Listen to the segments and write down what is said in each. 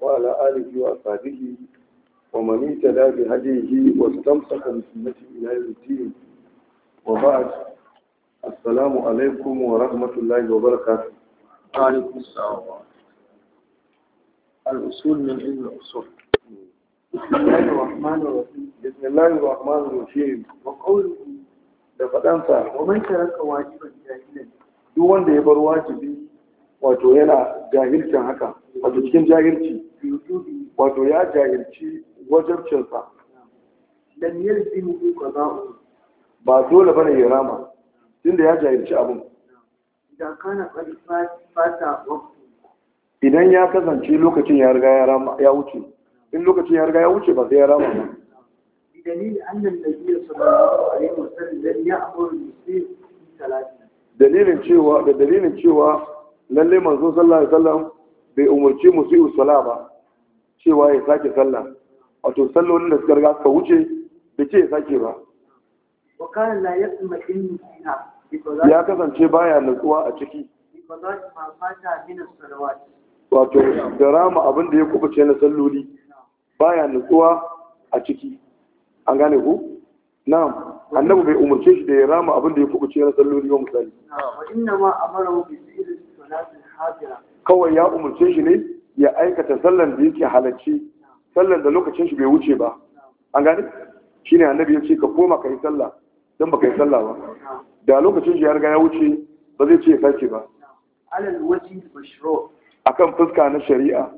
وعلى آله وأصحابه ومن اهتدى بهديه واستمسك بسنته إلى يوم الدين وبعد السلام عليكم ورحمة الله وبركاته وعليكم السلام الأصول من علم الأصول بسم الله الرحمن الرحيم بسم الله الرحمن الرحيم وقوله لقد أنفع ومن ترك واجبا جاهلا jahilan duk wanda ya bar wajibi wato yana jahilcin haka wato cikin jahilci wato ya jahilci wajabcinsa dan yalzimu qada'u ba dole bane ya rama tunda ya jahilci abun idan kana fata idan ya kasance lokacin ya riga ya rama ya wuce in lokacin ya riga ya wuce ba sai ya rama ba بدليل أن النبي sallallahu alaihi wasallam ya amuru يأمر المسلم dalilin cewa da dalilin cewa lalle manzon sallallahu alaihi wasallam bai umarci musiu sala ba cewa ya sake sallah wato sallolin da suka riga suka wuce da ce ya sake ba ya kasance baya nutsuwa a ciki wato da rama abin da ya kubuce na salloli baya nutsuwa a ciki an gane ku na'am annabi bai umarce shi da ya rama abin da ya kubuce na salloli ba misali inna ma amara bi fi'li salatin hadira kawai ya umarce shi ne ya aikata sallan da yake halacci sallan da lokacin shi bai wuce ba an gane shine annabi ya ce ka koma ka yi sallah dan baka yi sallah ba da lokacin shi ya riga ya wuce ba zai ce ya sake ba alal wajhi mashru akan fuska na shari'a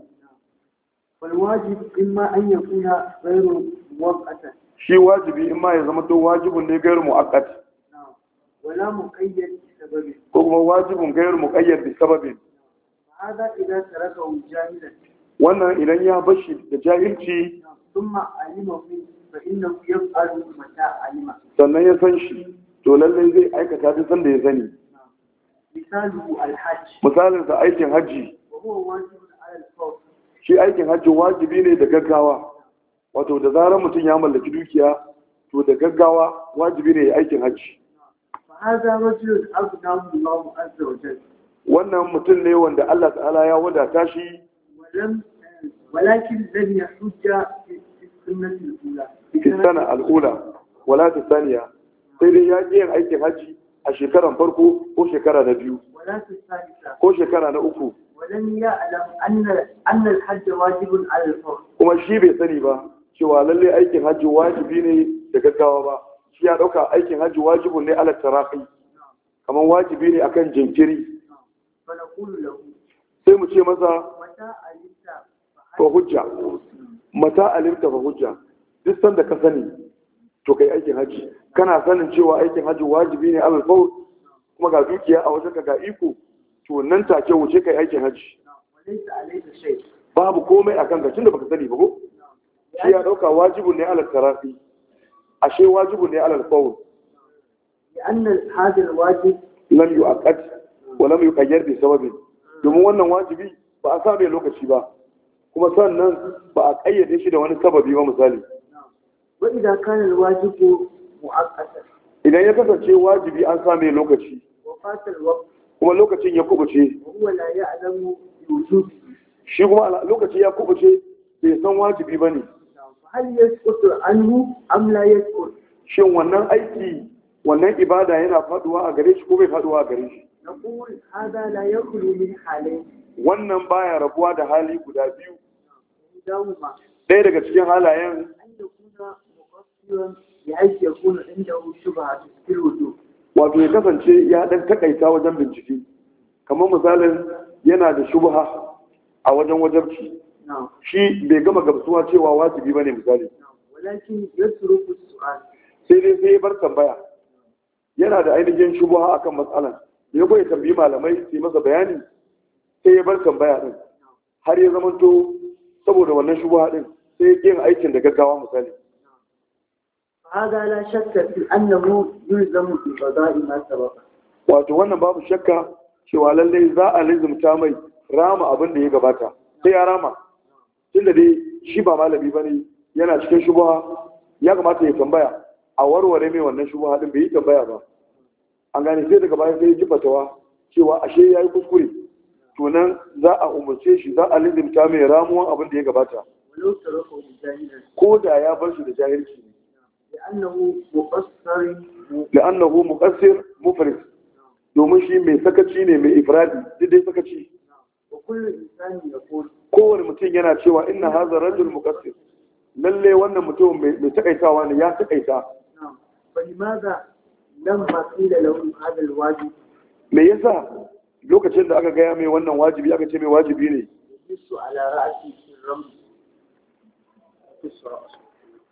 wal wajib imma an yakuna ghayru waqatan shi wajibi in ma ya zama to wajibun ne gairu mu'akkad wala muqayyad bi sababin ko kuma wajibun gairu muqayyad bi sababin hada ila taraka jahilan wannan idan ya bashi da jahilci thumma alima fi fa innahu yaf'alu mata alima sannan ya san shi to lallai zai aikata duk sanda ya sani misalu alhajj misalin sa aikin haji shi aikin haji wajibi ne da gaggawa wato da zarar mutum ya mallaki dukiya to da gaggawa wajibi ne ya aikin hajji wannan mutum ne wanda Allah ta'ala ya wadata shi eh, walakin zan ya al'ula wala ta saniya sai dai ya yin aikin hajji a shekaran farko ko shekara na biyu ko shekara na uku ya يعلم أن الحج واجب على Kuma shi bai sani ba. cewa lalle aikin hajji wajibi ne da gaggawa ba shi ya dauka aikin hajji wajibun ne ala tarafi kamar wajibi ne akan jinkiri sai mu ce masa fa hujja mata alimta fa hujja duk sanda ka sani to kai aikin hajji kana sanin cewa aikin hajji wajibi ne ala fawr kuma ga dukiya a wajen ga iko to nan take wuce kai aikin hajji babu komai akan ka tunda baka sani ba ko shi ya dauka wajibu ne ala tarafi ashe wajibu ne alal qawl لأن lam الواجب wa lam ولم bi sababi. domin wannan wajibi ba a sabe lokaci ba kuma sannan ba a kayyade shi da wani sababi ba misali wa idan kana alwajibu muaqqatan idan ya kasance wajibi an sabe lokaci kuma lokacin ya kubuce shi kuma lokaci ya kubuce bai san wajibi bane hal yasqutu anhu am la yasqut shin wannan aiki wannan ibada yana faduwa a gare shi ko bai faduwa a gare shi naqul hada la yakhlu min halayn wannan baya rabuwa da hali guda biyu ɗaya daga cikin halayen wato ya kasance ya ɗan takaita wajen bincike kamar misalin yana da shubha a wajen wajabci shi bai gama gamsuwa cewa wajibi bane misali sai dai sai bar tambaya yana da ainihin shubuha akan matsalan ya goya tambayi malamai sai masa bayani sai ya bar tambaya din har ya zamanto saboda wannan shubuha din sai yin aikin da gaggawa misali هذا لا شك ba za a yi masa ba. wato wannan babu shakka cewa lallai za a lizumta mai rama abin da ya gabata sai ya rama tunda dai shi ba malami bane yana cikin shubha ya kamata ya tambaya a warware mai wannan shubha din bai yi tambaya ba an gane sai daga baya sai ya ji fatawa cewa ashe ya yi kuskure to nan za a umarce shi za a lizimta mai ramuwan abin da ya gabata ko da ya bar shi da jahilci لأنه مقصر مفرد domin shi mai sakaci ne mai ifradi duk dai sakaci kowane mutum yana cewa ina hadha rajul mukassir lalle wannan mutum mai takaitawa ne ya takaita fa limadha lam lahu alwajib me yasa lokacin da aka gaya mai wannan wajibi aka ce mai wajibi ne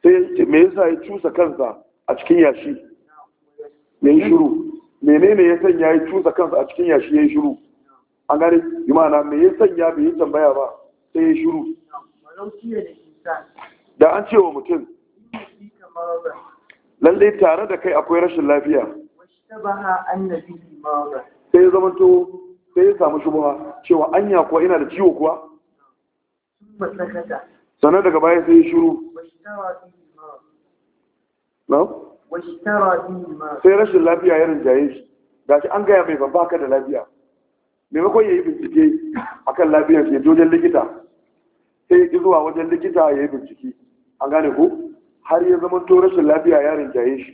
sai me yasa ya cusa kansa a cikin yashi ya yi shiru menene ya sanya ya cusa kansa a cikin yashi ya yi shiru an gane yi me ya sanya me yi tambaya ba sai ya shuru da an ce wa mutum lallai tare da kai akwai rashin lafiya sai ya zamanto sai ya samu shubuha cewa anya kuwa ina da ciwo kuwa sannan daga baya sai ya shuru sai rashin lafiya ya rinjaye shi ga shi an gaya mai babba baka da lafiya maimakon ya yi bincike akan lafiyar ke dojen likita sai ya zuwa wajen likita ya yi bincike an gane ko har ya zama to rashin lafiya ya rinjaye shi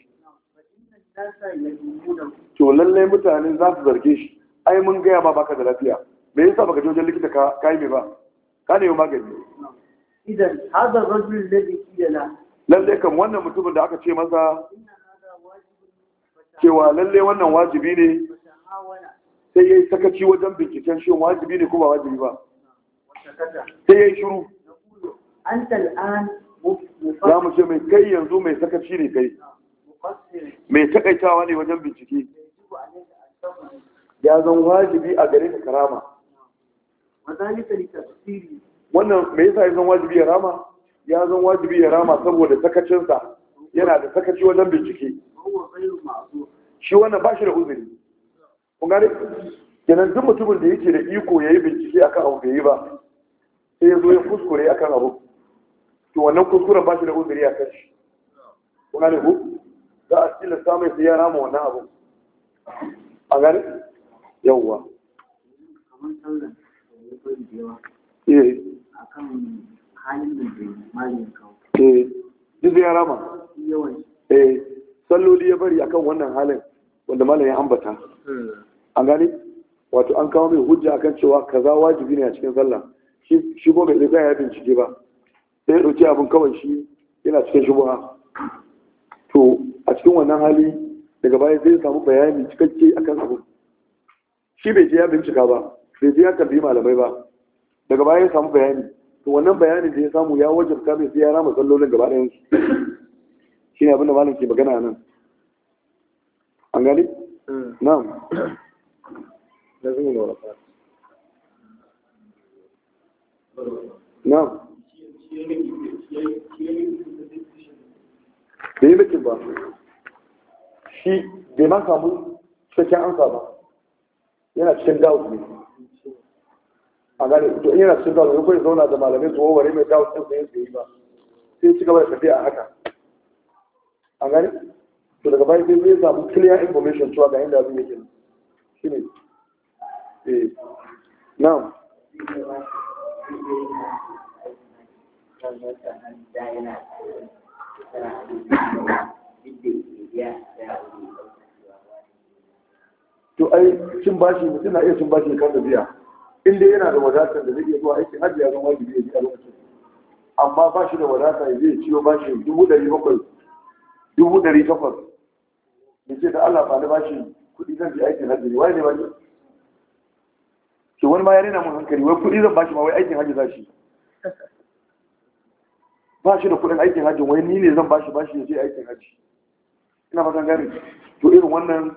to lallai mutane za su zarge shi ai mun gaya ma baka da lafiya me yasa baka je wajen likita ka kai me ba ka ne magani idan hada rajul ladhi kila lallai kan wannan mutumin da aka ce masa cewa lallai wannan wajibi ne sai yayi sakaci wajen binciken shi wajibi ne ko ba wajibi ba sai ya yi shiru za mu ce mai kai yanzu mai sakaci ne kai mai takaitawa ne wajen bincike ya zan wajibi a gare ka karama wannan mai yasa ya zan wajibi ya rama ya zan wajibi ya rama saboda sakacinsa yana da sakaci wajen bincike shi wannan ba shi da uzuri kun gane kenan duk mutumin da yake da iko ya yi bincike akan abu bai yi ba sai ya zo ya kuskure akan abu to wannan kuskuren ba shi da uzuri a kan shi kuna ne ku za a cikin samun sai ya rama wannan abu a gani yawwa eh. akan halin eh duk ya rama eh salloli ya bari akan wannan halin wanda malam ya ambata hmm. an gani wato an kawo mai hujja akan cewa kaza wajibi ne a cikin sallah shi ko bai zai ya bincike ba sai ya ɗauki abin kawai shi yana cikin shubuha to a cikin wannan hali daga baya zai samu bayani cikakke akan abu shi bai je ya bincika ba bai je ya tambayi malamai ba daga baya ya samu bayani to wannan bayanin da ya samu ya wajabta mai sai ya rama sallolin gaba ɗayan su shi ne abin da malam ke magana nan an gani? Mm. na'am lazim ne fara. na'am da yi mikin ba shi bai ma samu cikakken amsa ba yana cikin dawud ne a gane to in yana cikin dawud ne kuma zauna da malamai su wawware mai dawud ɗin da yanzu yi ba sai ci gaba da tafiya a haka a gane to daga bayan sai zai samu clear information cewa ga inda abin yake shi ne eh na'am to ai cin bashi mutum na iya cin bashi kan biya inda yana da wadatar da zai iya zuwa aikin hajji ya zama wajibi ya biya lokacin amma ba shi da wadata ya zai ciwo bashi dubu ɗari bakwai dubu ɗari takwas ya ce da Allah ba da bashi kuɗi zan je aikin hajji ne wai ne ba wani wani ma ya rena mun hankali wai kuɗi zan bashi ma wai aikin hajji za shi ba shi da kuɗin aikin hajji wai ni ne zan bashi bashi ya je aikin hajji ina fatan gari. to irin wannan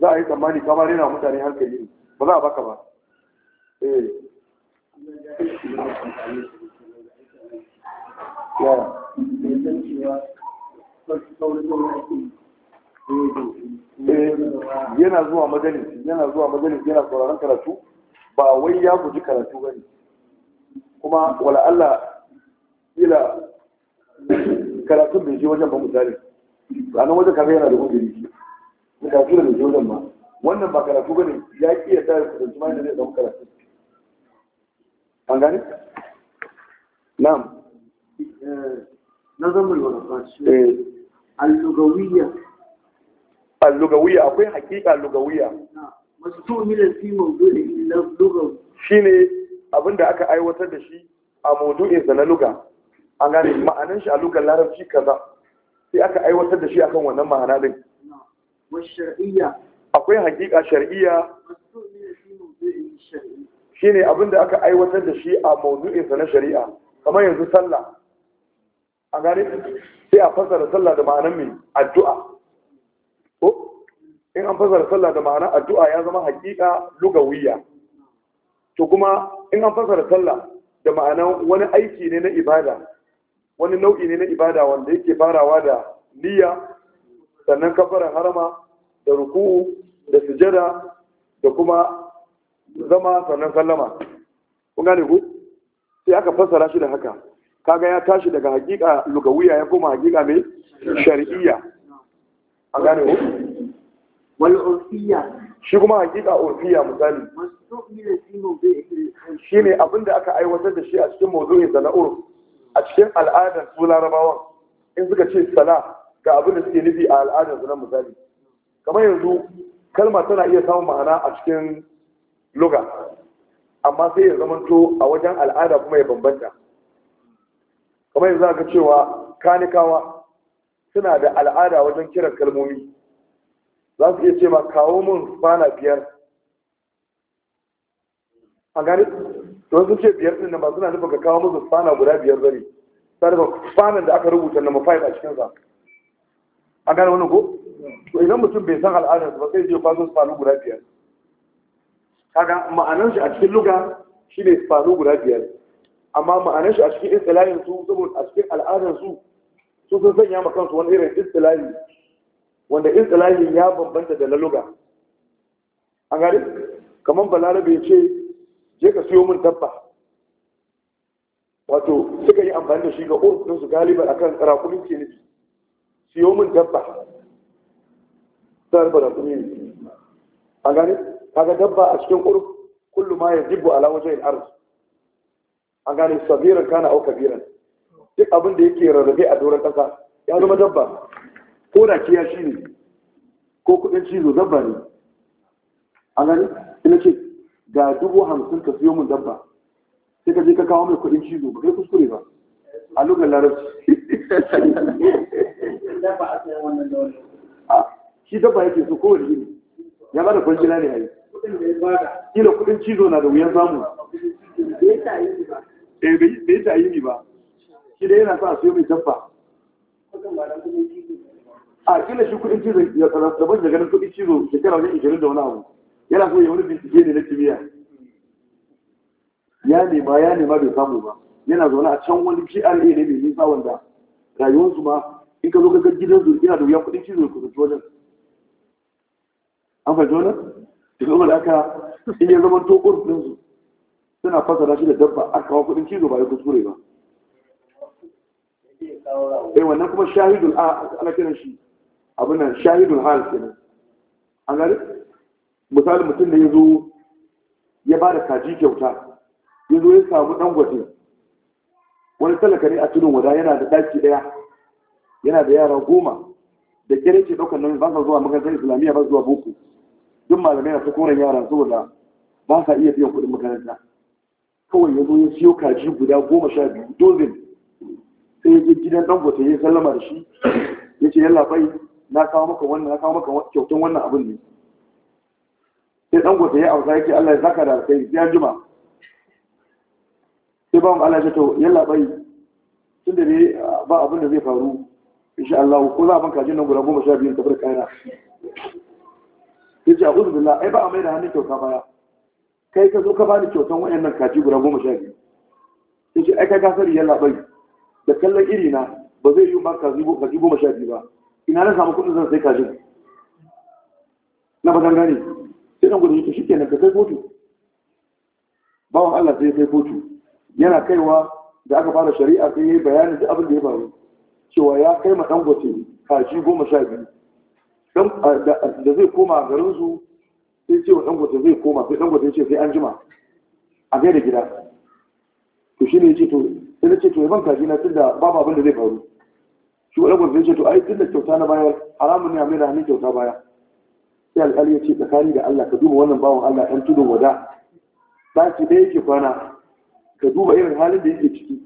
za a yi tsammani kama rena mutane hankali ne ba za a baka ba eh. eh yana zuwa majalis yana zuwa majalis yana sauraron karatu ba wai ya guji karatu ba ne kuma wala Allah ila karatun bai je wajen ba misali ranar wajen kafin yana da gudunmi na karatu da je wajen ba wannan ba karatu ba ne ya ƙi ya tare da ma da zai zama karatu an gani? na'am na zama al fashe eh. al-lugawiyya akwai hakika al mastumilan fi mawdu'in lugha shine abinda aka aiwatar da shi a maudu'insa na lugha an gane ma'anin shi a lugar larabci kaza sai aka aiwatar da shi akan wannan ma'ana din akwai hakika shar'iyya shine abinda aka aiwatar da shi a maudu'insa na shari'a kamar yanzu sallah an gane sai a fassara sallah da ma'anan mai addu'a in an fasara sallah da ma'ana addu'a ya zama hakika lugawiya to kuma in an fasara sallah da ma'ana wani aiki ne na ibada wani nau'i ne na ibada wanda yake farawa da niyya sannan kafaran harama da ruku'u da sujada da kuma zama sannan sallama kun gane ku sai aka fasara shi da haka kaga ya tashi daga hakika lugawiya ya koma hakika mai shar'iyya an gane ku wal'urfiya shi kuma hakika urfiya misali shi ne abinda aka aiwatar da shi a cikin mazu'in da na urf a cikin al'adar su larabawan in suka ce sala ga abinda suke nufi a al'adar su na misali kamar yanzu kalma tana iya samun ma'ana a cikin luga amma sai ya zamanto a wajen al'ada kuma ya bambanta kamar yanzu aka cewa kanikawa suna da al'ada wajen kiran kalmomi za su iya ce ma kawo mun kwana biyar a gani don sun ce biyar ɗin nan ba suna nufin ka kawo musu kwana guda biyar bane sai da kwanan da aka rubuta na mafai a cikinsa a gani wani ko to idan mutum bai san al'adar ba sai je kwazo kwana guda biyar kaga ma'anar shi a cikin luga shine kwana guda biyar amma ma'anar shi a cikin istilahin su saboda a cikin al'adar su su sun sanya ma wani irin istilahi wanda istilahin ya bambanta da laluga a gari kamar balarabe ya ce je ka siyo min dabba wato suka yi amfani da shi ga urfinsu galibar kan rakumin ke nufi siyo min dabba zarba da kuma yi a gani kaga dabba a cikin urf kullu ma ya zibu ala wajen al'arz a gani sabirin kana au kabiran duk abin da yake rarrabe a doron ƙasa ya zama dabba ko da kiya shi ne ko kudin cizo dabba ne a gani ina ce ga dubu hamsin ka siyo min dabba sai ka je ka kawo mai kudin cizo ba kai kuskure ba a lokacin larabci shi dabba yake so kowane gini ya da kwangila ne yayi kila kudin cizo na da wuyan samu eh bai ta yi ba shi da yana sa a siyo mai dabba a kila shi kuɗin cizo da ban da ganin kuɗin cizo shekara wani ishirin da wani abu yana so ya wani bincike ne na kimiyya ya nema ya nema bai samu ba yana zaune a can wani GRA ne mai nisa wanda rayuwarsu ma in ka zo ga gidan su yana da wuyan kuɗin cizo da kusurci wajen an fahimci wannan da kuma da aka in ya zama to ɗin su suna fasara shi da dabba a kawo kuɗin cizo ba ya kuskure ba eh wannan kuma shahidul a ana kiran shi abin nan shahidul hal kenan an gani misali mutum da ya zo ya ba da kaji kyauta ya zo ya samu gwaje. wani talaka ne a tunan wada yana da daki daya yana da yara goma da kere ke daukar nan ba sa zuwa makarantar islamiyya ba zuwa boko duk malamai na ta koren yara saboda ba sa iya biyan kuɗin makaranta kawai ya zo ya siyo kaji guda goma sha biyu dozin sai ya je gidan gwaje ya sallama da shi ya ce yallafai. na kawo maka wannan na kawo maka kyautan wannan abin ne sai dan gobe ya auza yake Allah ya zaka da kai, ya juma sai ba mu Allah ya to yalla bai tunda ne ba abin da zai faru insha Allah ko za ban kajin nan guda goma sha biyu tabar kaina yace a'udhu billahi ai ba a mai da hannun kyauta baya kai ka zo ka bani kyautan wayannan kaji guda goma sha biyu yace ai kai ka sani yalla bai da kallon iri na ba zai yi ba kaji goma sha biyu ba ina na samu kudin zan sai kajin na ba gane sai dan gudu shi kenan ka kai kotu bawan Allah sai kai kotu yana kaiwa da aka fara shari'a sai yayi bayani da abin da ya faru cewa ya kai ma dan gote kaji goma sha biyu dan da zai koma garin su sai ce wa dan gote zai koma sai dan gote ya ce sai an jima a gaida gida to shine ya ce to sai ce to ban kaji na tunda babu abin da zai faru shi wani gwamnati ce to ai tunda kyauta na bayar haramun ne a da hannun kyauta baya sai alƙali ya ce tsakani da Allah ka duba wannan bawan Allah ɗan tudun wada ɗaki ɗaya yake kwana ka duba irin halin da yake ciki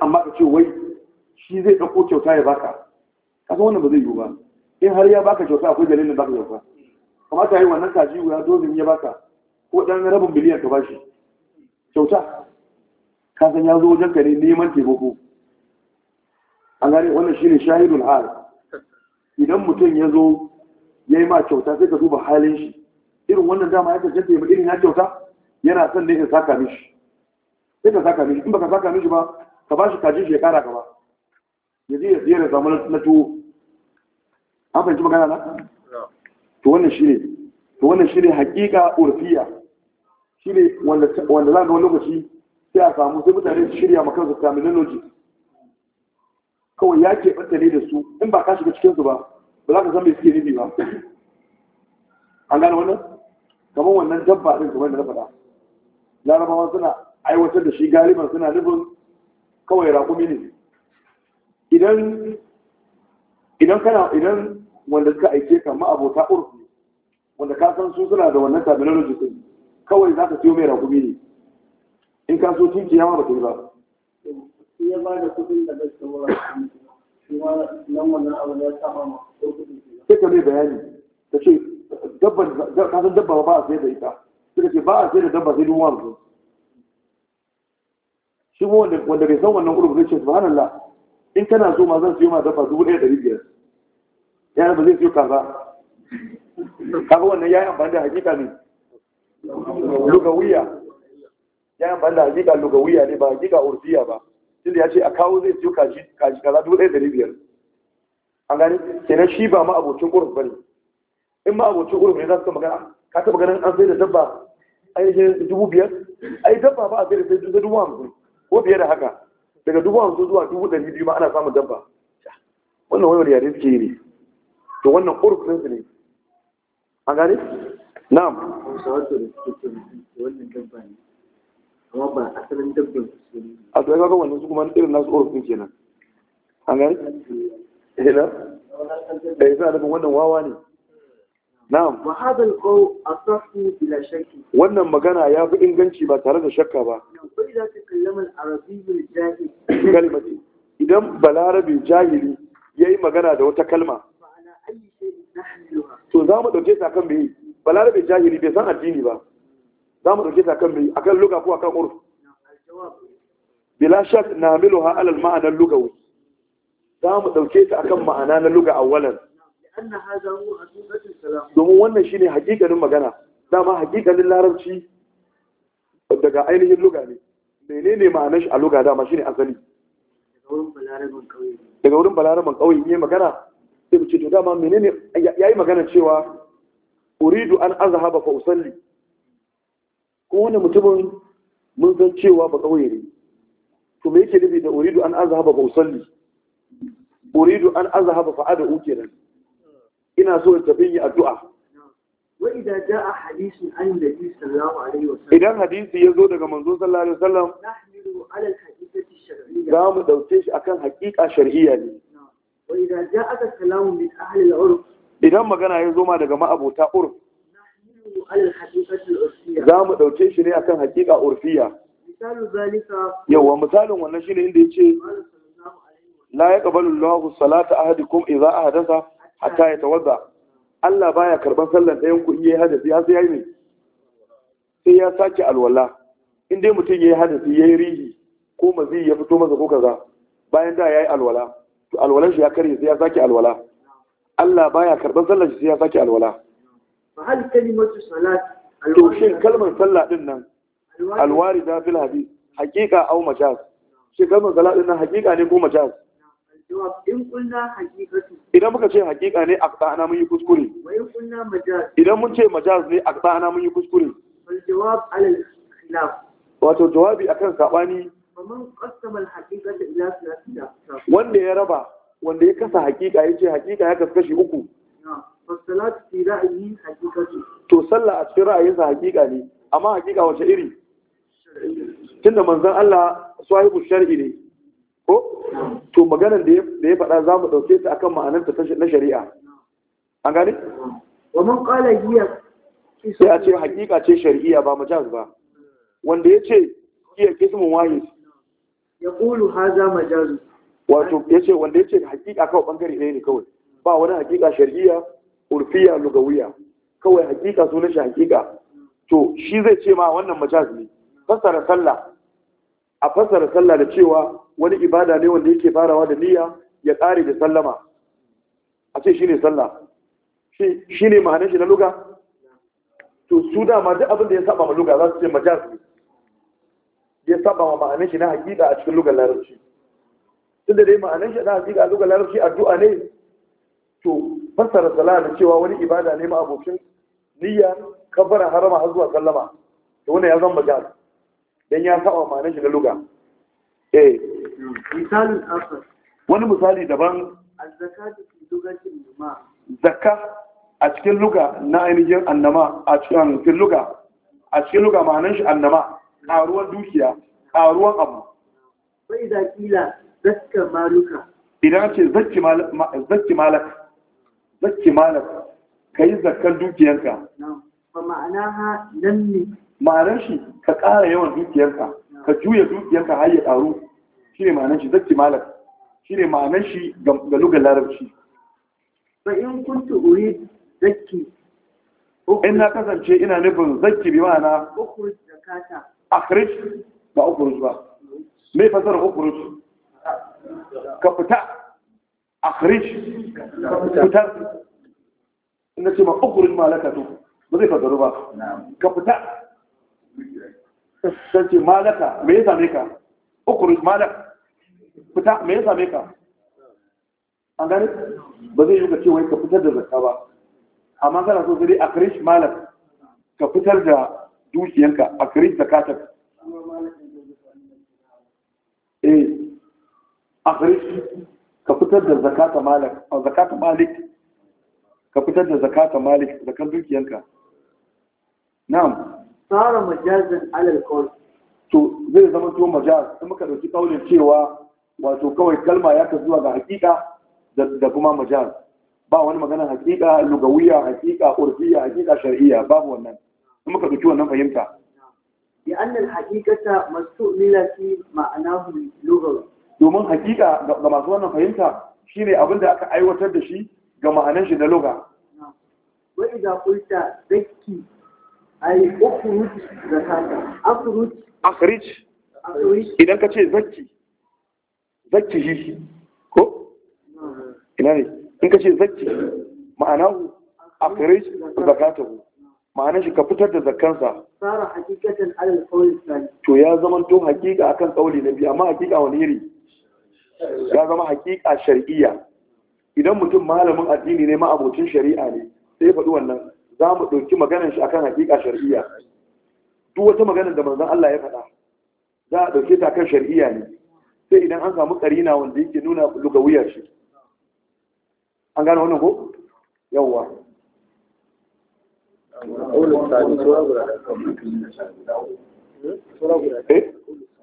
amma ka ce wai shi zai ɗauko kyauta ya baka kasan wannan ba zai yiwu ba in har ya baka kyauta akwai dalilin baka kyauta kamata yi wannan kaji ya dozin ya baka ko ɗan rabin biliyan ka bashi kyauta kasan ya zo wajen ka ne neman taimako an gane wannan ne shahidul hal idan mutum ya zo ya yi ma kyauta sai ka duba halin shi irin wannan dama ya kasance ba irin ya kyauta yana son ne ka saka mishi sai ka saka mishi in baka saka mishi ba ka ba shi kajin shi ya kara gaba ya je ya siyar da samu na tuwo an fahimci magana na to wannan ne, to wannan ne hakika urfiya Shi ne wanda za a ga wani lokaci sai a samu sai mutane su shirya ma kansu terminology kawai ya ke ne da su in ba ka shiga cikinsu ba ba za ka san mai suke nufi ba an gane wannan kamar wannan dabba ɗin kamar da na faɗa larabawa suna aiwatar da shi galiban suna nufin kawai raƙumi ne idan idan kana idan wanda suka aike ka ma abota urfi wanda ka san su suna da wannan terminology din kawai za ka siyo mai raƙumi ne in ka so tunkiya yawa ba ta yi ba ya ba da kuɗin da bai saura shi ma nan wannan abu ya saba ma ko kuɗin sai ka mai bayani ka ce dabban ka san dabba ba a sayar da ita suka ce ba a sayar da dabba sai dubu hamsin shi wanda bai san wannan gurbin ce subhanallah in kana so ma zan siyo ma dabba dubu ɗaya ɗari biyar yana ba zai siyo kaza kaga wannan ya yi amfani da hakika ne lugawiya ya yi amfani da hakika lugawiya ne ba hakika urfiya ba da ya ce a kawo zai siyo kaji kaji kaza dubu ɗaya ɗari biyar an gani kenan shi ba ma abocin ba ne. in ma abocin uruf ne za su magana ka taɓa ganin an sai da dabba ainihin dubu biyar ai dabba ba a sai da sai dubu hamsin ko biyar da haka daga dubu hamsin zuwa dubu ɗari biyu ma ana samun dabba wannan wani wani yare suke yi ne to wannan uruf ɗinsu ne an gani na'am wannan dabba ne amma ba asalin dabban su a to kaga wannan su kuma irin nasu urufin kenan an gani hela da yasa da wannan wawa ne Na. wa hadha al-qawl asahu bila shakki wannan magana ya fi inganci ba tare da shakka ba idan Balarabe jahili ya yi magana da wata kalma to za mu ɗauke ta kan bai balarabe jahili bai san addini ba za mu ɗauke ta kan mai akan luga ko akan urf bila shak na ha alal ma'anar lugawi za mu ɗauke ta akan ma'ana na luga awalan domin wannan shine hakikanin magana dama hakikanin larabci daga ainihin luga ne menene ma'anar shi a luga dama shine asali daga wurin balaraban kauye ne magana sai mu ce to dama menene yayi magana cewa uridu an azhaba fa usalli ko wani mutumin mun san cewa ba kauye ne to me yake nufi da uridu an azhaba ba usalli uridu an azhaba fa ada ukiran ina so in tafi yin addu'a wa an sallallahu alaihi wasallam idan hadisi ya zo daga manzon sallallahu alaihi wasallam ala shar'iyya za mu dauke shi akan haqiqa shar'iyya ne wa kalamu min ahli idan magana ya zo ma daga ma'abota urf za mu ɗauke shi ne akan hakika urfiya yawa misalin wannan shine inda yace la yaqbalu Allahu salata ahadikum idza ahdatha hatta yatawadda Allah baya karban sallan ɗayan ku in yayi hadasi har sai yayi ne sai ya sake alwala in dai mutum yayi hadasi yayi rihi ko mazi ya fito masa ko kaza bayan da yayi alwala to alwalan shi ya karye sai ya sake alwala Allah baya karban sallan shi sai ya sake alwala فهل كلمة صلاة to shi kalmar sallah din nan alwari da fil hadis hakika au majaz shi kalmar sallah din nan hakika ne ko majaz idan muka ce hakika ne akta ana mun yi kuskure idan mun ce majaz ne akta ana mun yi kuskure wato jawabi akan sabani wanda ya raba wanda ya kasa hakika ya ce hakika ya kaskashi uku fasalatu fi ra'ayi hakikatu to sallah a cikin ra'ayinsa hakika ne amma hakika wace iri tunda manzan Allah sahibu shar'i ne ko to maganar da ya faɗa za mu ɗauke ta akan ma'anarta na shari'a an gani? wa man qala hiya sai a ce hakika ce shari'a ba majaz ba wanda ya ce ke hiya kismun wahid yaqulu hadha majaz wato ya ce wanda yace hakika kawai bangare ɗaya ne kawai ba wani hakika shari'a urfiya lugawiya kawai hakika su shi hakika to shi zai ce ma wannan majaz ne fasara sallah a fasara sallah da cewa wani ibada ne wanda yake farawa da niyya ya ƙare da sallama a ce shine sallah shi ne ma'anar shi na luga to su dama duk abin da ya saba ma luga za su ce majaz ne ya saba ma ma'anar shi na hakika a cikin lugar larabci tunda dai ma'anar shi na hakika a lugar larabci addu'a ne to fassara sala da cewa wani ibada ne ma'abokin niyya kabbara harama har zuwa sallama da wani ya ba majal don ya saba ma'anar shi na luga eh wani misali daban zaka a cikin luga na ainihin annama a cikin luga a cikin luga ma'anar shi annama karuwan dukiya karuwan abu bai da kila zaka maluka idan ce zaki malak Zaki malam ka yi zakkar dukiyarka ma'anar shi ka ƙara yawan dukiyarka, ka juya dukiyarka har ya ɗaru, shi ne ma'anar shi zaki malam shi ne ma'anar shi ga lugar larabci Ba in kuntu uri zaki. in na kasance ina nufin zaki bi ma'ana ukhruj zakata akhrij ba ukhruj ba mai fasar ukhruj ka fita akhrij fitar in ce ma ukurin malaka to ba zai fadaru ba ka fita don ce malaka me ya same ka ukurin malaka fita me ya same ka an gane ba zai yi ka ce wai ka fitar da zakka ba amma kana so sai akhrij malak ka fitar da dukiyanka akhrij zakatak eh akhrij ka fitar da zakata malik zakata malik ka fitar da zakata malik zakan dukiyanka na'am sara majazan alal kawai. to zai zama to majaz in muka dauki kaulin cewa wato kawai kalma ya tafi zuwa ga hakika da kuma majaz ba wani magana hakika lugawiya hakika urfiya hakika shar'iyya babu wannan in muka dauki wannan fahimta لأن الحقيقة مستعملة في معناه اللغوي domin hakika ga masu wannan fahimta shi abin da aka aiwatar da shi ga ma'anar shi na loga wa idza qulta zakki ay da zakata akhruj akhrij idan ka ce zaki, zaki shi ko ina ne in ka ce zaki ma'ana akhrij zakatahu ma'anar shi ka fitar da zakkansa Tsara hakikatan alal qawl to ya to hakika akan kauli na biyu amma hakika wani iri ya zama hakika shari'iyya. idan mutum malamin addini ne ma'abocin shari'a ne sai faɗi wannan za mu ɗauki maganar shi akan hakika shari'iyya. duk wata maganar da manzan Allah ya faɗa za a ɗauke ta kan shari'iyya ne sai idan an samu ƙarina wanda yake nuna wuyar shi an gane wannan ko yawwa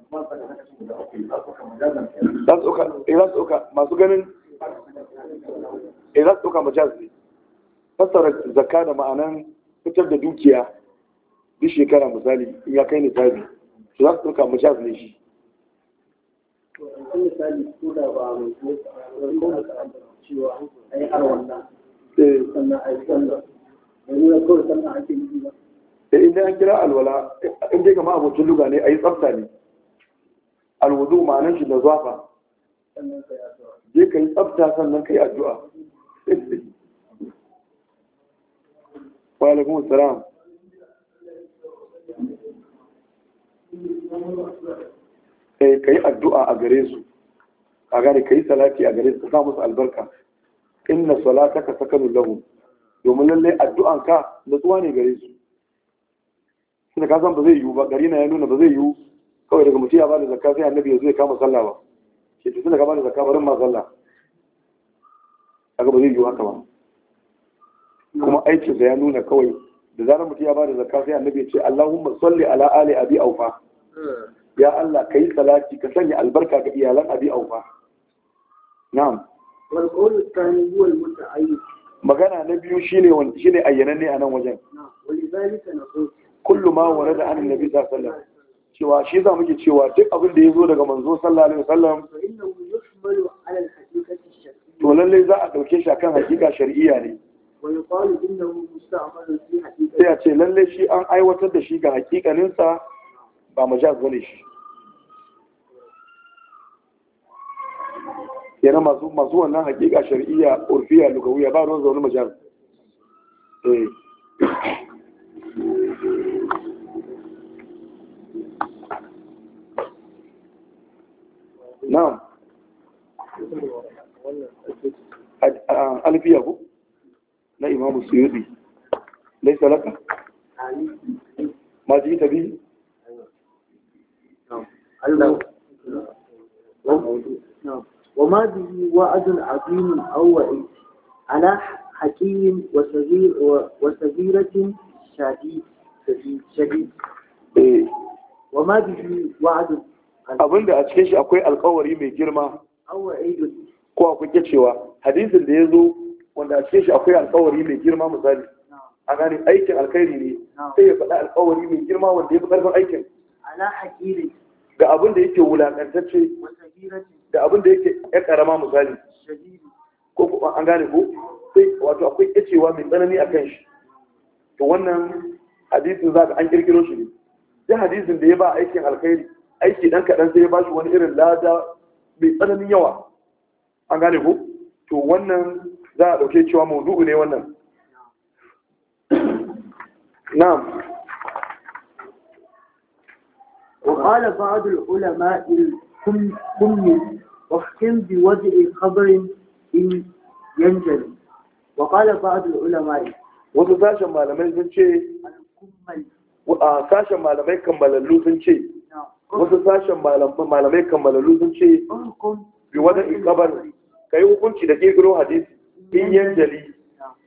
za su ɗauka masu ganin za zakka da ma'anan fitar da dukiya duk shekara misali in ya kai nisabi su za su ɗauka majaz ne shi da an kira alwala ga ma'abocin luga a yi tsafta ne alwudu ma'anar shi da zafa je ka yi tsafta sannan ka yi addu'a wa alaikum salam eh, ka yi addu'a a gare su a gane ka yi salati a gare su ka musu albarka inna ka sakanun lahum domin lallai addu'an da tsuwa ne gare su suna ka san ba zai yiwu ba gari na ya nuna ba zai yiwu kawai daga mutum ya ba da zakka sai annabi ya zo ya kama sallah ba shi tun daga da zakka barin ma sallah kaga ba zai yiwu haka ba kuma aikin da ya nuna kawai da zarar mutum ya ba da zakka sai annabi ya ce Allahumma salli ala ali abi aufa ya Allah ka yi salati ka sanya albarka ga iyalan abi aufa na'am wal qawl thani huwa al magana na biyu shine shine ayyanan ne a nan wajen kullu ma warada an annabi sallallahu alaihi wasallam cewa shi za muke cewa duk abin da ya zo daga manzo sallallahu alaihi wasallam to lallai za a ɗauke shi akan hakika shari'iyya ne sai a ce lallai shi an aiwatar da shi ga hakikaninsa ba majaz bane shi yana masu wannan hakika shari'iyya urfiya lugawiya ba ruwan zaune majaz eh نعم آه، ألف يابو لا إمام السيوطي ليس لك ما جئت به وما به وعد عظيم أو وعيد على حكيم وصغير وصغيرة شديد شديد شديد إيه. وما به وعد abinda a cikin shi akwai alkawari mai girma ko akwai kuke cewa hadisin da ya zo wanda a cikin shi akwai alkawari mai girma misali a gane aikin alkhairi ne sai ya faɗa alkawari mai girma wanda ya fi ƙarfin aikin ga abin da yake wulaƙantacce da abin da yake ya ƙarama misali ko kuma an gane ko sai wato akwai ƙyacewa mai tsanani a kan shi to wannan hadisin za ka an ƙirƙiro shi ne Sai hadisin da ya ba aikin alkhairi aiki dan kaɗan sai ya shi wani irin lada mai tsananin yawa an gane ku to wannan za a ɗauke cewa maudu'u ne wannan na'am وقال بعض العلماء الكمي واختم بوضع خبر إن ينجل وقال بعض العلماء wasu sashen malamai sun ce a sashen malamai kammalallu sun ce wasu sashen malamai kammalalu sun ce bi wani kabar ka yi hukunci da gano hadisi. in yan jali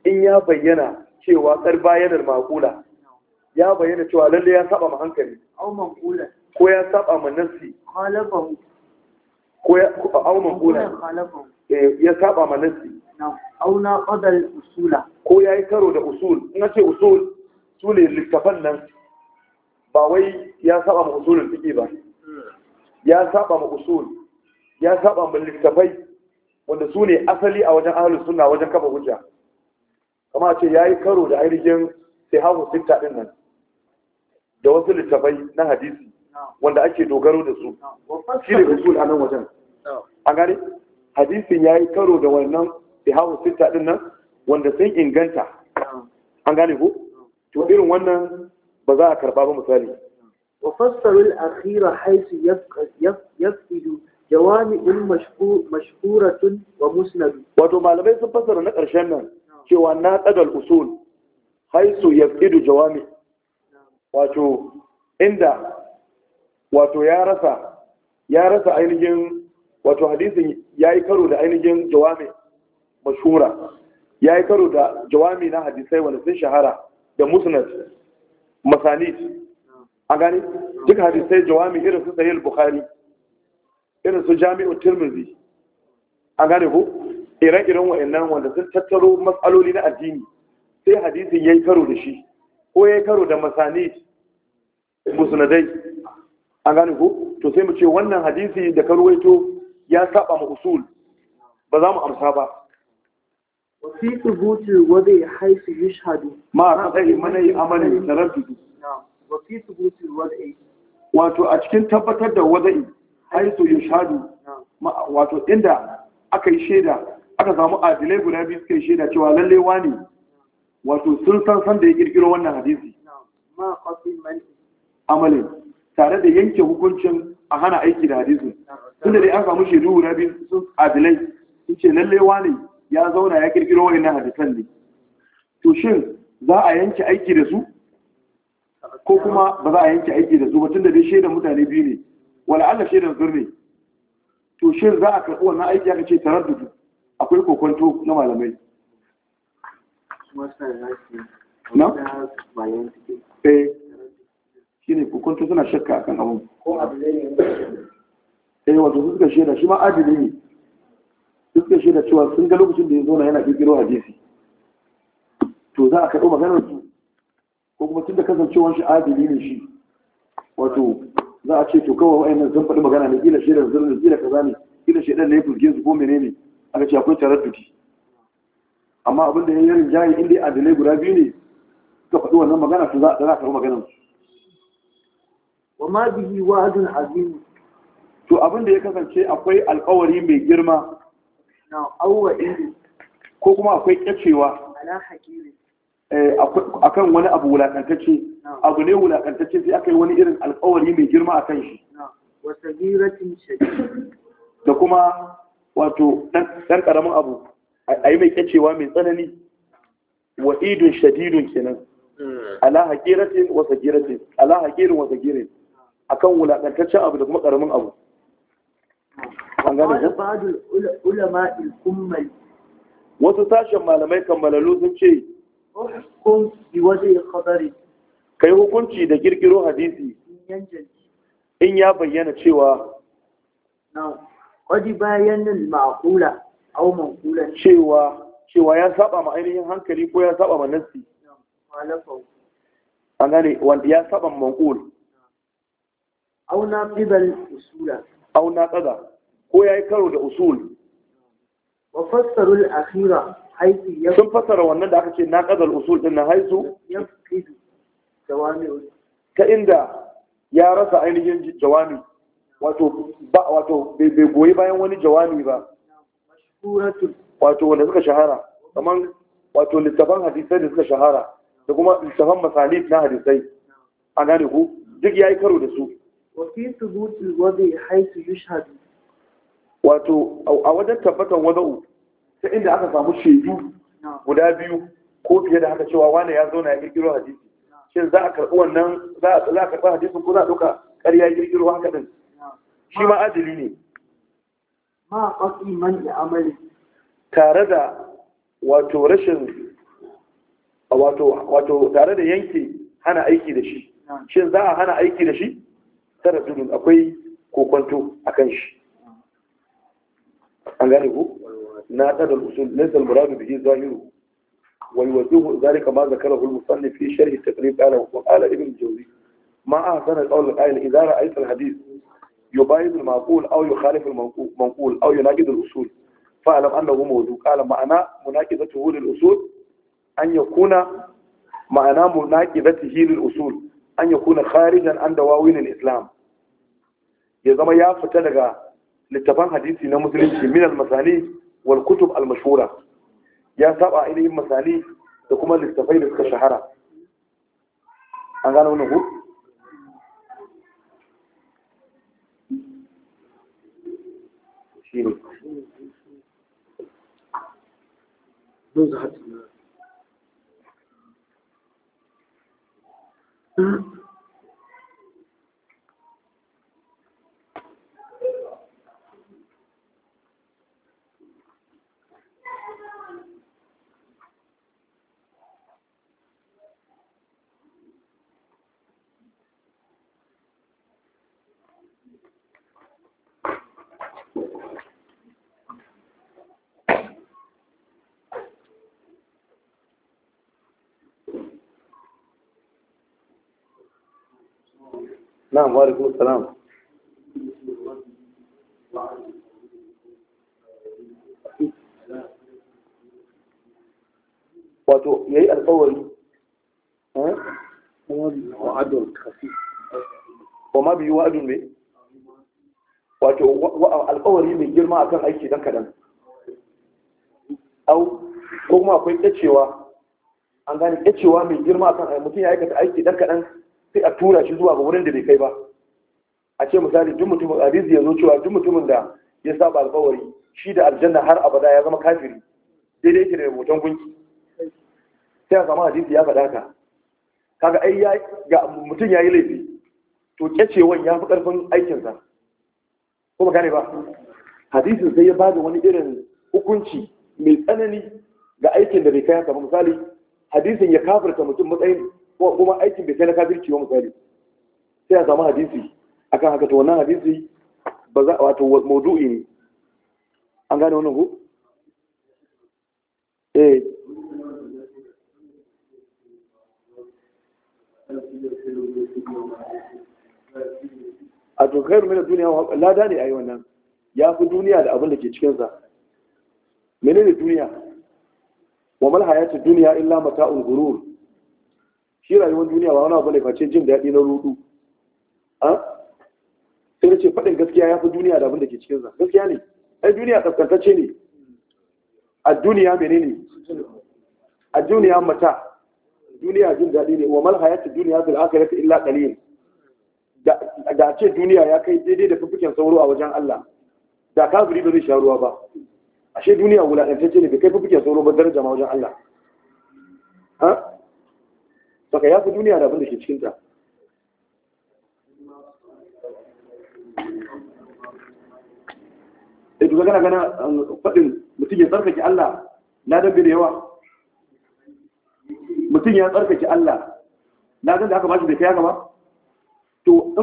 in ya bayyana cewa kar bayanar makula ya bayyana cewa lalle ya saba ma hankali ko ya saba ma nasi ko ya au makula eh, ya saba ma nasi qadal usula ko ya yi karo da usul in ce usul Sule littafan nan ba wai ya saba ma usulun fiƙi ba ya saba ma usul ya saba ma littafai wanda su ne asali a wajen ahlus suna wajen kafa hujja kama ce yi karo da ainihin sahihu sitta ɗin nan da wasu littafai na hadisi wanda ake dogaro da su shi ne usul a nan wajen a gane hadisin ya yi karo da wannan sahihu sitta ɗin nan wanda sun inganta an gane ko to irin wannan ba za a karba ba misali وفسر الأخير حيث يفقد جوامع مشهورة ومسند wato malamai sun fassara na ƙarshen nan cewa na tsadal usul haisu yafqidu jawami wato inda wato ya rasa ainihin wato hadisin yayi karo da ainihin jawami mashhura yayi karo da jawami na hadisai wanda sun shahara da musnad masanid a gani duka hadisai jawami irin su sahih bukhari irin su jami'u tirmidhi a gane ko ire-iren wa'annan wanda sun tattaro matsaloli na addini sai hadisin yayi karo da shi ko yayi karo da masanid musnadai a gane ko to sai mu ce wannan hadisi da ka ya saba ma usul ba za mu amsa ba وفي ثبوت الوضع حيث يشهد ما قدر مني عمل تردد نعم وفي ثبوت الوضع wato a cikin tabbatar da wada'i haitu shaɗu? wato inda aka yi shaida aka samu adilai guda biyu suka yi shaida cewa lalle wani wato sun san san da ya kirkiro wannan hadisi ma amalin tare da yanke hukuncin a hana aiki da hadisi tunda dai an samu shaidu guda biyu sun adilai sun ce lalle wani ya zauna ya kirkiro wa'annan hadisan ne to shin za a yanke aiki da su ko kuma ba za a yanke aiki da su ba tun da dai shaidan mutane biyu ne wala Allah shaidan zur ne to shin za a karɓi wannan aiki aka ce taraddudu akwai kokonto na malamai na? eh shi ne kokonto suna shakka akan abu eh wato suka shaida shi ma adili ne suka da cewa sun ga lokacin da ya zo na yana kirkiro jesi to za a karɓi maganar su ko kuma tun da kasancewar shi adili ne shi wato za a ce to kawai wa'annan sun faɗi magana ne kila shaidar da, kila kaza ne kila shaidar ne ya fuske su ko menene aka ce akwai taraddudi amma abin da ya yi rinjaye inda adilai guda biyu ne suka faɗi wannan magana to za a karɓi maganar su wa ma bihi wa'adun azim to abin da ya kasance akwai alkawari mai girma ko kuma akwai kacewa a kan wani abu wulakantacce abu ne wulakantacce sai aka yi wani irin alkawari mai girma a kan shi da kuma wato ɗan ƙaramin abu a yi mai kacewa mai tsanani wa idun shadidun kenan hmm. ala haƙiratin wasa sagiratin ala haƙirin wa sagirin akan wulakantaccen abu da kuma ƙaramin abu an gane wasu sashen malamai kammalalu sun ce Ka bi kai hukunci da girgiro hadisi in ya bayyana cewa Wadi bayan bayanin ma'akula, a manqula cewa cewa ya saba ma ainihin hankali ko ya saba ma nassi an gane wanda ya saba manqul na naqidal usula na tsada. ko ya yi karo da usul wa fassara al-akhira ya sun fassara wannan da aka ce na ƙazar usul din na Ya fi jawami ta inda ya rasa ainihin jawami wato ba wato bai goyi bayan wani jawami ba wato wanda suka shahara kamar wato littafan hadisai da suka shahara da kuma littafan masalif na hadisai a gane ku duk ya yi karo da su wa fi thubutil wadi yi yushhadu wato a wajen tabbatar wadau ta inda aka samu shaidu guda biyu ko fiye da haka cewa wane ya zauna ya kirkiro hadisi shin za a karɓi wannan za a karɓi hadisin ko za a ɗauka ƙarya ya haka ɗin shi ma adili ne ma ƙafi man da amali tare da wato rashin wato wato tare da yanke hana aiki da shi shin za a hana aiki da shi sarrafin akwai kokonto a kan shi an gane الأصول ليس المراد به ظاهره al ويوجه ذلك ما ذكره المصنف في شرح التقريب قال وقال ابن الجوزي ما أحسن القول القائل إذا رأيت الحديث يباين المعقول أو يخالف المنقول أو يناقض الأصول فاعلم أنه موضوع قال معنى مناقضته للأصول أن يكون معنى مناقضته للأصول أن يكون خارجا عن دواوين الإسلام يا زما يا فتدغا littafan hadisi na musulunci min al-masani wal kutub al ya saba ainihin masani da kuma littafai da suka shahara an gano wani hudu shi ne na'am wa alaikum salam wato yayi alƙawari eh? wa ma biyu wa'adun me wato alƙawari mai girma akan aiki dan kadan ko kuma akwai kyacewa an gane kyacewa mai girma akan eh, mutum ya aikata aiki dan kadan sai a tura shi zuwa ga wurin da bai kai ba a ce misali duk mutumin hadisi ya zo cewa duk mutumin da ya saba alkawari shi da aljanna har abada ya zama kafiri daidai ke da rubutan gunki sai a samu hadisi ya faɗa ka kaga ai ya ga mutum ya yi laifi to kecewan ya fi karfin aikinsa ko ba gane ba hadisin sai ya bada wani irin hukunci mai tsanani ga aikin da bai kai haka ba misali hadisin ya kafirta mutum matsayin ko kuma aikin bai kai na kafirci ba misali sai a samu hadisi akan haka to wannan hadisi ba za wato maudu'i ne an gane wannan ko eh a to kai rumina duniya lada ne a yi wannan ya fi duniya da abin da ke cikinsa menene duniya wa malhaya ta duniya illa mata'ul ghurur shi rayuwar duniya ba wani abu ne face jin daɗi na rudu sai ce faɗin gaskiya ya fi duniya da abin da ke cikinsa gaskiya ne ai duniya kaskantacce ne a duniya mene ne a duniya mata duniya jin daɗi ne wa malhayatu duniya bil akhirati illa qalil da da ce duniya ya kai daidai da fufuken sauro a wajen Allah da kafiri ba zai sha ruwa ba ashe duniya wulakantacce ne bai kai fufuken sauro ba daraja ma wajen Allah saka ya fi duniya da abin da ke cikinta da eh, duka gana gana um, faɗin mutum ya tsarkake Allah na dambe da yawa mutum ya tsarkake Allah na zan da aka bashi da ta yaka ba to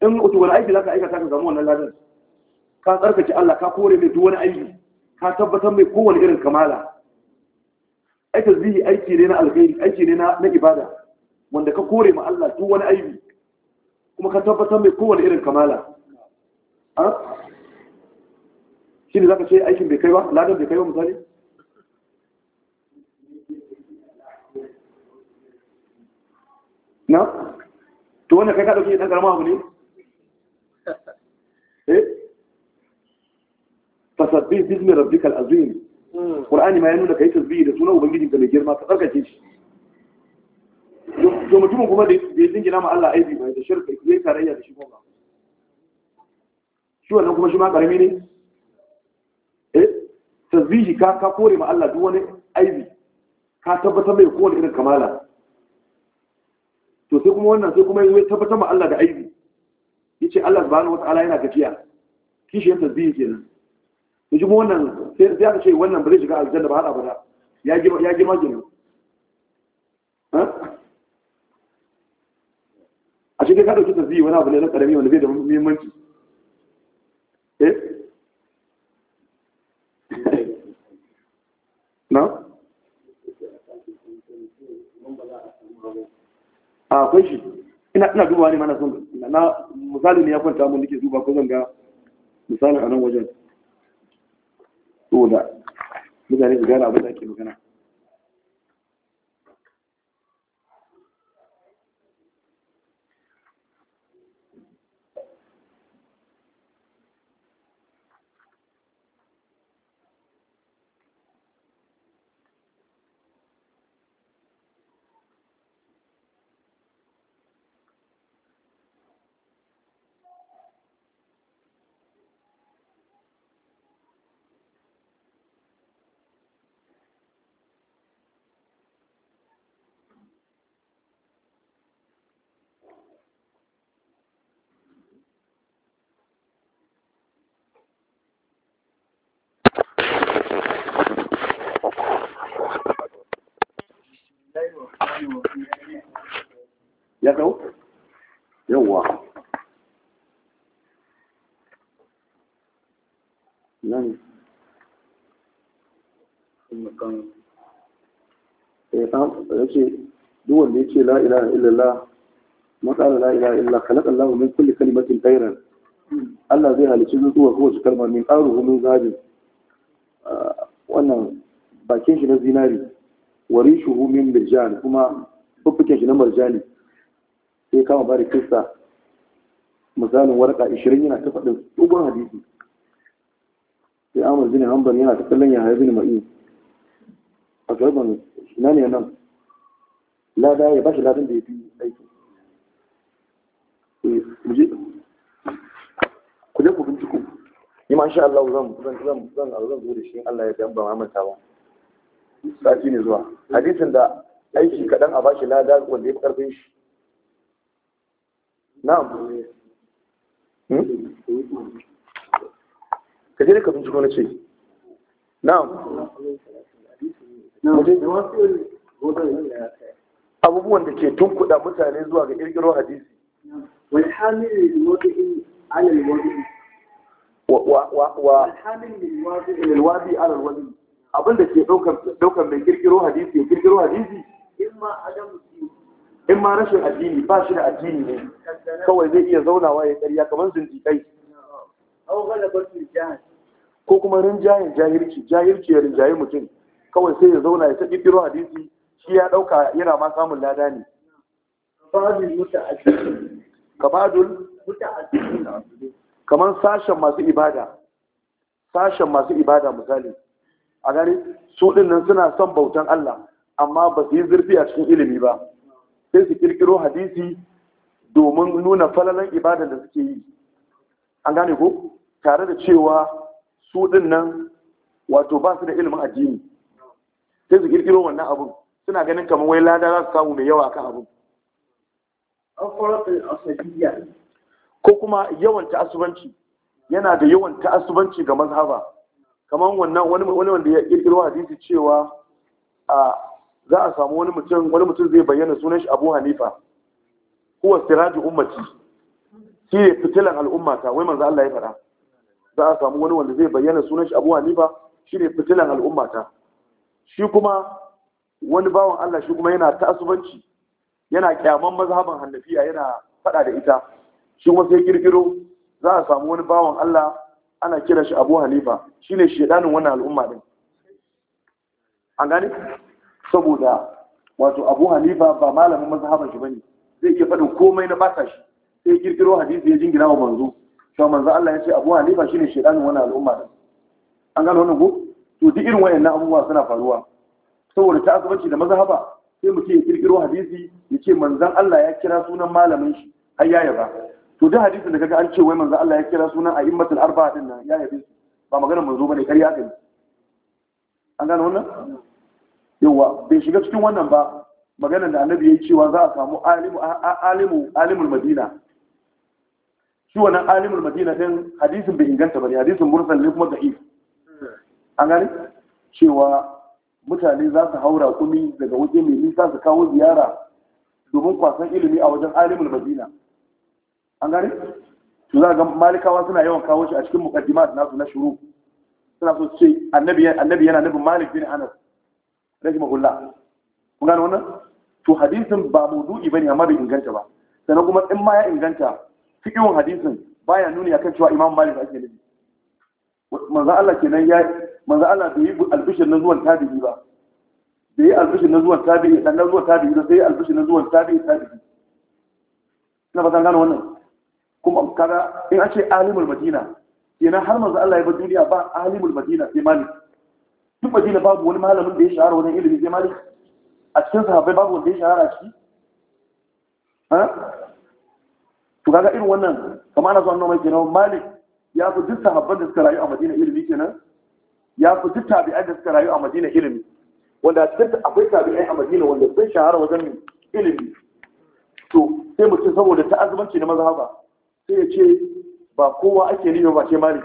in otu wani aiki za ka aikata ka zama wannan ladan ka tsarkake Allah ka kore mai duwani aiki ka tabbatar mai kowane irin kamala ai tasbihi aiki ne na alkhairi aiki ne na ibada wanda ka kore ma Allah duk wani aibi kuma ka tabbatar mai kowane irin kamala shi ne za ka ce aikin bai kai ba ladan bai kai ba misali na to wanda kai ka ɗauki ɗan ƙarama abu ne eh fasabbi bismi rabbikal azim Qur'ani ma ya nuna kai tasbihi da sunan da mai girma ka tsarkake shi to mutum kuma da ya dingina ma Allah aibi bai da shirka yayin tarayya da shi kuma shi wannan kuma shi ma karami ne eh tasbihi ka ka kore ma Allah duk wani aibi ka tabbatar mai kowane irin kamala to sai kuma wannan sai kuma ya tabbatar ma Allah da aibi yace Allah subhanahu wataala yana gajiya kishi yanta tasbihi kenan shi kuma wannan sai aka ce wannan ba zai shiga aljanna ba har abada ya gima ya gima gina a shi ka dauki tasbihi wani abu ne na karami wanda bai da muhimmanci eh na akwai shi ina duba dubawa ne mana son na misali ne ya kwanta mun nake duba ko zan ga misalin a nan wajen saboda mutane su gane abin da ake magana dau yawwa nan eh an yace duk wanda yake la ilaha illallah matsala la ilaha illallah khalaqa Allahu min kulli kalimatin khairan Allah zai halicci zuwa kowace kalma min qaruhu min zalim ah, wannan bakin shi na zinari wari shuhu min birjan kuma fuffuken shi na marjani sai kama bari da kista misalin warka 20 yana ta faɗin dogon hadisi sai amur zini hanbal yana ta kallon ya haifi ma'i a garban na ne nan lada ya ba shi ladin da ya fi aiki eh, ku je ku binciko yi ma sha Allah zan zan zan zan zan zo da shi Allah ya dan ba ma manta ba sati ne zuwa hadisin da aiki kaɗan a bashi lada wanda ya fi karfin shi na'am hmm? ka je ka binciko na ce na'am abubuwan da ke tunkuda mutane zuwa ga ƙirƙiro hadisi walhamilin abin da ke ɗaukar mai ƙirƙiro hadisi ya ƙirƙiro hadisi in ma adam in ma rashin addini ba shi da addini ne kawai zai iya zaunawa ya karya kamar zindiƙai ko kuma rinjayen jahilci jahilci ya rinjaye mutum kawai sai ya zauna ya ta ƙirƙiro hadisi shi ya ɗauka yana ma samun lada ne kamar sashen masu ibada sashen masu ibada misali a gari su ɗin nan suna son bautan Allah amma ba su yi zurfi a cikin ilimi ba sai su kirkiro hadisi domin nuna falalan ibadar da suke yi an gane ko tare da cewa su din nan wato ba su da ilimin addini sai su kirkiro wannan abun suna ganin kamar wai lada za su samu mai yawa kan abun ko kuma yawan ta'asubanci yana da yawan ta'asubanci ga mazhaba kamar wannan wani wanda ya kirkiro hadisi cewa a za a samu wani mutum wani mutum zai bayyana sunan shi Abu Hanifa huwa siraju ummati shi ne fitilan al'ummata wai manzo Allah ya faɗa za a samu wani wanda zai bayyana sunan shi Abu Hanifa shi ne fitilan al'ummata shi kuma wani bawan Allah shi kuma yana ta'asubanci yana kyaman mazhaban Hanafiya yana faɗa da ita shi kuma sai kirkiro za a samu wani bawan Allah ana kira shi Abu Hanifa ne shedanin wannan al'umma din an gani saboda wato abu hanifa ba malamin mazhaban shi bane zai iya faɗin komai na basa shi sai kirkiro hadisi ya jingina wa manzo to manzo Allah ya ce abu hanifa shine shedanin wannan al'umma din an gano wannan ko to duk irin wayannan abubuwa suna faruwa saboda ta azubanci da mazhaba sai mu ya kirkiro hadisi ya ce manzan Allah ya kira sunan malamin shi har ya yaba to duk hadisin da kaga an ce wai manzan Allah ya kira sunan a'immatul arba'a din nan ya yabe ba maganar manzo bane ƙarya ne an gano wannan yawa bai shiga cikin wannan ba maganar da annabi ya yi cewa za a samu alimul madina shi wannan alimul madina ɗin hadisin bai inganta ba ne hadisin mursal ne kuma da'if an gani cewa mutane za su haura kumi daga waje mai nisa su kawo ziyara domin kwasan ilimi a wajen alimul madina an gani to za ga malikawa suna yawan kawo shi a cikin muqaddimat nasu na shuru suna so su ce annabi yana nufin malik bin anas rahimahullah kun gano wannan to hadisin ba maudu'i bane amma bai inganta ba sannan kuma in ma ya inganta fiqhun hadisin baya nuni akan cewa imam malik ake nufi manzo Allah kenan ya manzo Allah bai yi albishir na zuwan tabi'i ba bai yi albishir na zuwan tabi'i dan na zuwan tabi'i da sai albishir na zuwan tabi'i tabi'i na ba gano wannan kuma kaga in an ce alimul madina kenan har manzo Allah ya ba duniya ba alimul madina sai malik duk madina babu wani malamin da ya shahara wajen ilimi zai malik a cikin sahabbai babu wanda ya shahara ciki to kaga irin wannan kamar ana zuwa mai kenan malik ya fi duk sahabban da suka rayu a madina ilimi kenan ya fi duk tabi'ai da suka rayu a madina ilimi wanda cikin akwai tabi'ai a madina wanda sun shahara wajen ilimi to sai mutum saboda ta'azzumanci na mazhaba sai ya ce ba kowa ake nufi ba ce malik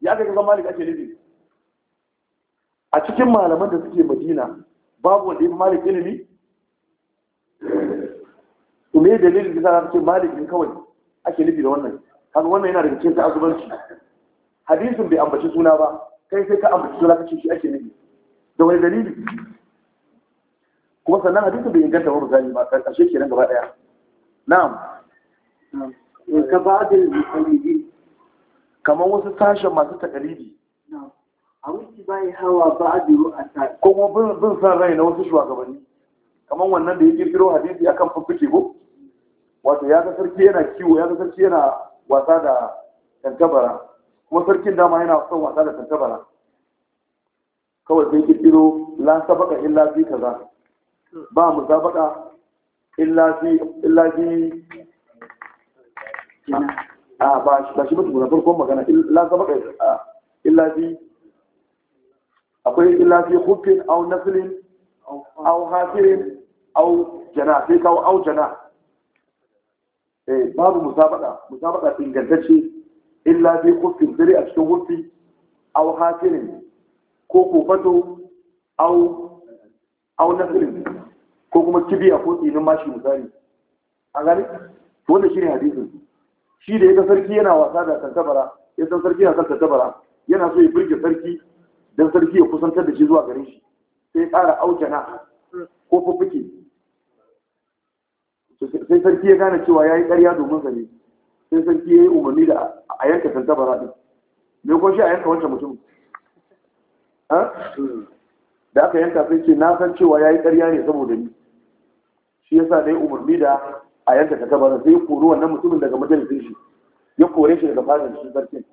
ya ga kaga malik ake nufi a cikin malaman da suke madina babu wanda ya fi malik ilimi to me dalilin da za ce malik ne kawai ake nufi da wannan kaga wannan yana daga cikin ta'azubanci hadisin bai ambaci suna ba kai sai ka ambaci suna kace shi ake nufi da wani dalili kuma sannan hadisin bai inganta wa misali ba karshe kenan gaba daya na'am ka ba da kamar wasu sashen masu takalibi a wuce hawa ba a biro a ta kuma bin san rai na wasu shugabanni kamar wannan da ya kirkiro hadisi akan fuffuke ko wato ya ga sarki yana kiwo ya ga sarki yana wasa da tantabara kuma sarkin dama yana son wasa da tantabara kawai sai kirkiro la sabaka illa fi kaza ba mu sabaka illa fi illa fi a ba shi ba shi mutum na farkon magana la sabaka illa fi akwai illa fi hukkin au naslin au hasirin au jana sai kawo au jana eh babu musabada musabaka ingantacce illa fi hukkin dare a cikin hukki au hasirin ko kofato au au naslin ko kuma kibiya ko tsinin mashi misali a gani wanda shi ne hadisin shi da ya ga sarki yana wasa da tantabara ya san sarki yana san tantabara yana so ya birge sarki don sarki ya kusantar da shi zuwa gare shi sai ya auke na, ko fuffuke sai sarki ya gane cewa ya yi ƙarya domin sa ne sai sarki ya yi umarni da a yanka tantabara ɗin me ko shi a yanka wancan mutum da aka yanka sai ce na san cewa ya yi ƙarya ne saboda ni shi ya sa na yi umarni da a yanka tantabara sai ya kori wannan mutumin daga majalisin shi ya kore shi daga fadar shi sarkin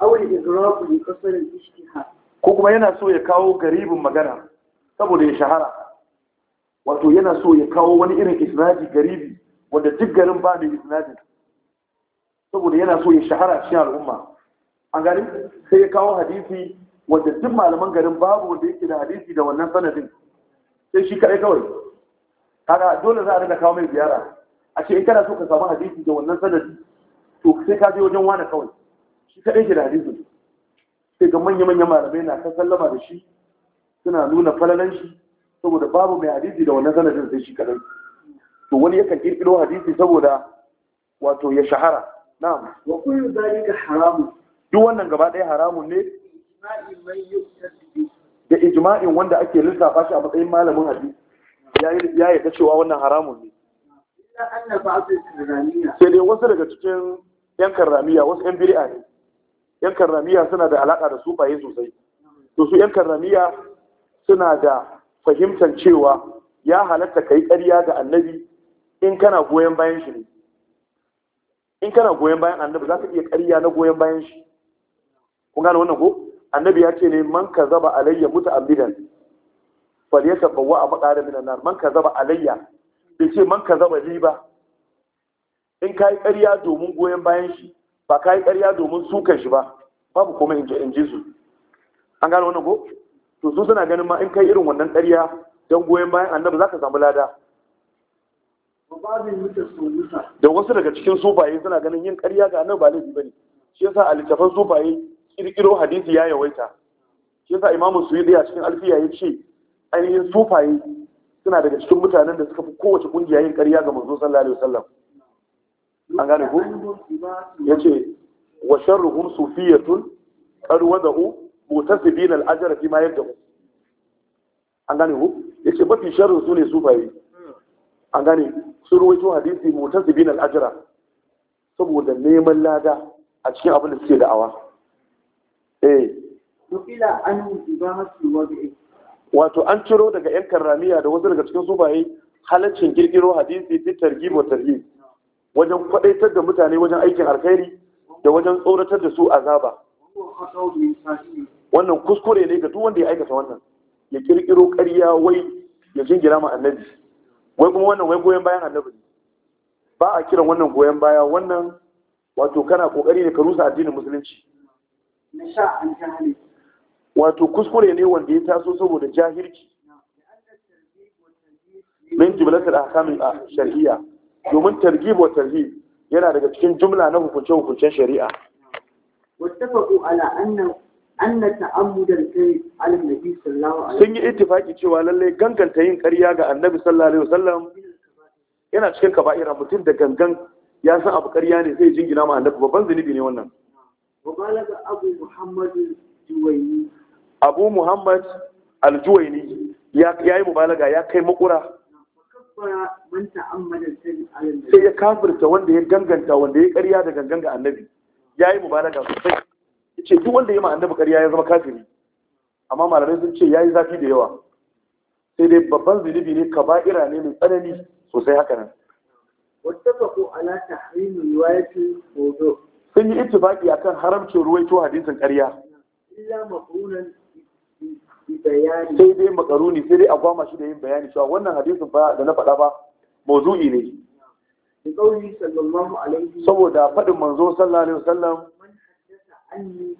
awul idraku li kasar al-ijtihad ko kuma yana so ya kawo garibin magana saboda ya shahara wato yana so ya kawo wani irin isnadi garibi wanda duk garin ba da isnadin saboda yana so ya shahara cikin al'umma an gani sai ya kawo hadisi wanda duk malaman garin babu wanda yake da hadisi da wannan sanadin sai shi kaɗai kawai kaga dole za a rika kawo mai ziyara a ce in kana so ka samu hadisi da wannan sanadi to sai ka je wajen wani kawai shi kaɗai ke da hadisin sai ga manya manya malamai na kan sallama da shi suna nuna falalan shi saboda babu mai hadisi da wannan sanadin sai shi kaɗai to wani yakan kirkiro hadisi saboda wato ya shahara na'am wa kullu zalika haramun duk wannan gaba ɗaya haramun ne da ijma'in wanda ake lissafa shi a matsayin malamin hadisi ya yarda cewa wannan haramun ne sai dai wasu daga cikin yan karramiya wasu yan biri'a ne yan karramiya suna da alaka da sufaye sosai to su yan karramiya suna da fahimtar cewa ya halatta ka yi ƙarya ga annabi in kana goyon bayan shi ne in kana goyon bayan annabi za ka iya ƙarya na goyon bayan shi kun gane wannan ko annabi ya ce ne man ka zaba alayya muta abidan faliyata bawa a da minan nan man ka zaba alayya bai ce man ka zaba ni ba in ka yi ƙarya domin goyon bayan shi ba ka yi ƙarya domin sukan shi ba babu komai in ji su an gano wannan ko to su suna ganin ma in kai irin wannan ƙarya don goyon bayan annabi za ka samu lada da wasu daga cikin sufaye suna ganin yin ƙarya ga annabi ba laifi bane shi yasa a littafan sufaye kirkiro hadisi ya yawaita shi yasa imamu yi a cikin alfiya ya ce ainihin sufaye suna daga cikin mutanen da suka fi kowace kungiya yin ƙarya ga manzo sallallahu alaihi wasallam an gane ku ya ce wa ruhun sufiyatun qad motar da al al'ajar fi da yabda'u an gane ku ya ce mafi sharrin su ne sufaye an gane sun ruwaito hadisi da al al'ajar saboda neman lada a cikin abin da suke da'awa eh nukila wato an ciro daga yan karramiya da wasu daga cikin sufaye halaccin girgiro hadisi fi targhib wa wajen kwadaitar da mutane wajen aikin alkhairi da wajen tsoratar da su azaba wannan kuskure ne ga duk wanda ya aikata wannan ya kirkiro ƙarya wai ya jin ma annabi wai kuma wannan wai goyon bayan annabi ba a kiran wannan goyon baya wannan wato kana kokari ne ka rusa addinin musulunci wato kuskure ne wanda ya taso saboda jahilci min a ahkam a shariyya domin targhib wa tarhib yana daga cikin jumla na hukunce hukuncen shari'a wattafaqu ala anna anna ta'ammud al-kadhib ala nabi sallallahu alaihi wasallam sun yi ittifaki cewa lalle ganganta yin ƙarya ga annabi sallallahu alaihi wasallam yana cikin kaba'ira mutum da gangan ya san abu ƙarya ne zai jingina ma annabi babban zunubi ne wannan wabalaga abu muhammad juwaini abu muhammad al-juwaini ya yi mubalaga ya kai makura sai ya kafirta wanda ya ganganta wanda ya karya da gangan ga annabi ya yi mubalaga sosai ya ce duk wanda ya ma annabi karya ya zama kafiri amma malamai sun ce ya yi zafi da yawa sai dai babban zunubi ne ka ba'ira ne mai tsanani sosai haka nan wattafaqu ala tahrim riwayati wudu sun yi ittifaqi akan haramcin ruwaito hadisin karya. illa sai dai makaruni sai dai a gwama shi da yin bayani cewa wannan hadisin fa da na faɗa ba mawdu'i ne saboda faɗin manzo sallallahu alaihi wasallam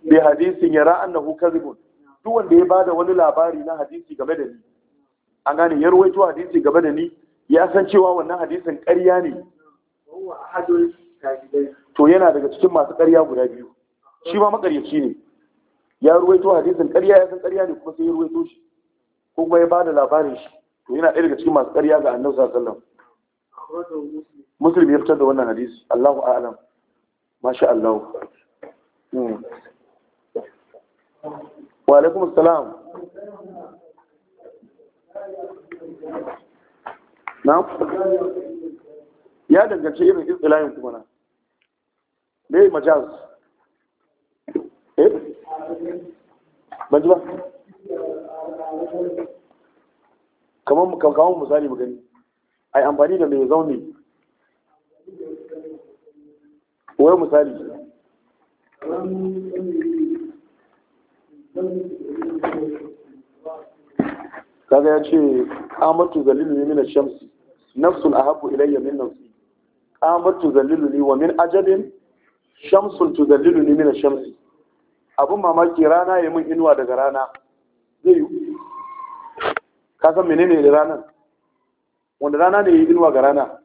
bi hadisin yara annahu kadhibun duk wanda ya bada wani labari na hadisi game da ni an gane ya rawaito hadisi game da ni ya san cewa wannan hadisin ƙarya ne to yana daga cikin masu ƙarya guda biyu shi ma maƙaryaci ne ya ruwaito hadisin ƙarya ya san ƙarya ne kuma sai ya ruwaito shi ko kuma ya ba da labarin shi to yana ɗaya daga cikin masu ƙarya ga annabi sallallahu alaihi wasallam muslim ya fitar da wannan hadisi Allahu a'lam masha Allah hmm. wa alaikum assalam na'am ya danganci irin istilahin kuma na me majaz ban ji ba kamar kamar misali mu gani ai amfani da mai zaune wai misali kaga ya ce amatu zalilu ne mina shamsi nafsun haku ilayya min nafsi amatu zalilu ne wa min ajabin shamsun zalilu ne mina shamsi abin mamaki rana ya min inuwa daga rana zai yi ka san menene da ranar wanda rana ne ya yi inuwa ga rana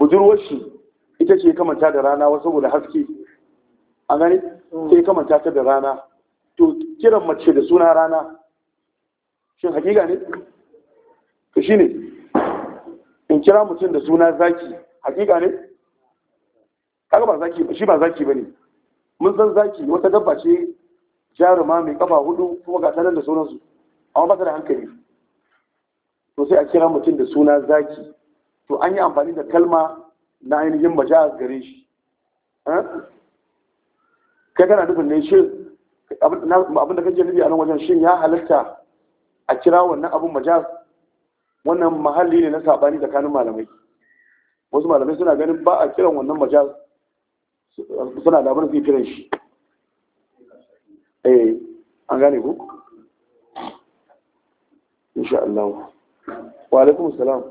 budurwar shi ita ce kamanta da rana wasu saboda haske a gani yi kamanta ta da rana to kiran mace da suna rana shin hakika ne to shine in kira mutum da suna zaki hakika ne kaga ba zaki shi ba zaki bane mun san zaki wata dabba ce jaruma mai kafa hudu kuma ga tanan da sauransu amma ba ta da hankali to sai a kira mutum da suna zaki to an yi amfani da kalma na ainihin Majalis gare shi eh? kai kana nufin ne shi abin da kake nufi a nan wajen shin ya halatta a kira wannan abin Majalis? wannan mahalli ne na sabani tsakanin malamai wasu malamai suna ganin ba a kiran wannan Majalis. suna da abin fifiran shi eh an gane ku insha Allah wa alaikum salam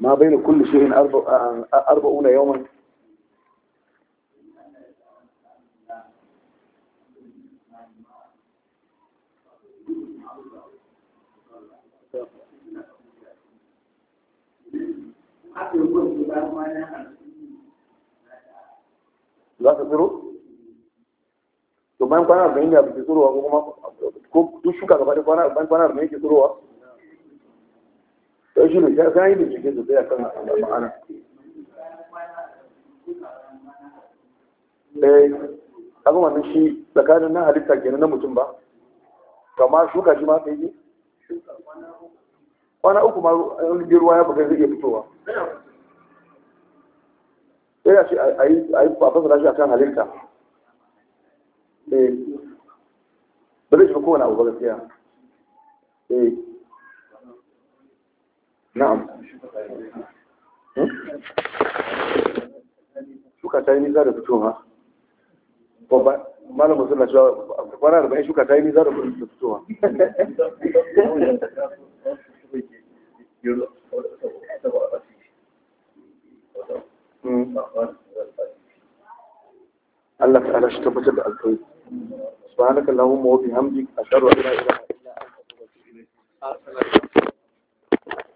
ما بين كل شيء أربعون يوما aka yi gwanci ba kwana za ka tsiro? to bayan kwana arba'in da ke tsirowa ko kuma ko duk shuka gaba da kwana bayan kwana arba'in ke tsirowa to shi ne sai yi bincike sosai a kan ma'ana eh kaga wannan shi tsakanin na halitta kenan na mutum ba kama shuka shi ma sai yi shuka kwana kwana uku ma wani ruwa ya buga zai iya fitowa sai ya ce a yi fasara shi a kan halitta eh. ba zai shiga kowane abu ba gaskiya eh. na'am hmm? shuka ta yi nisa da fitowa malam musul na cewa kwana shuka ta yi nisa da fitowa Allah ta'ala shi tabbatar da alkhairi subhanaka allahumma wa bihamdika ashhadu an la ilaha illa anta astaghfiruka wa atubu ilayk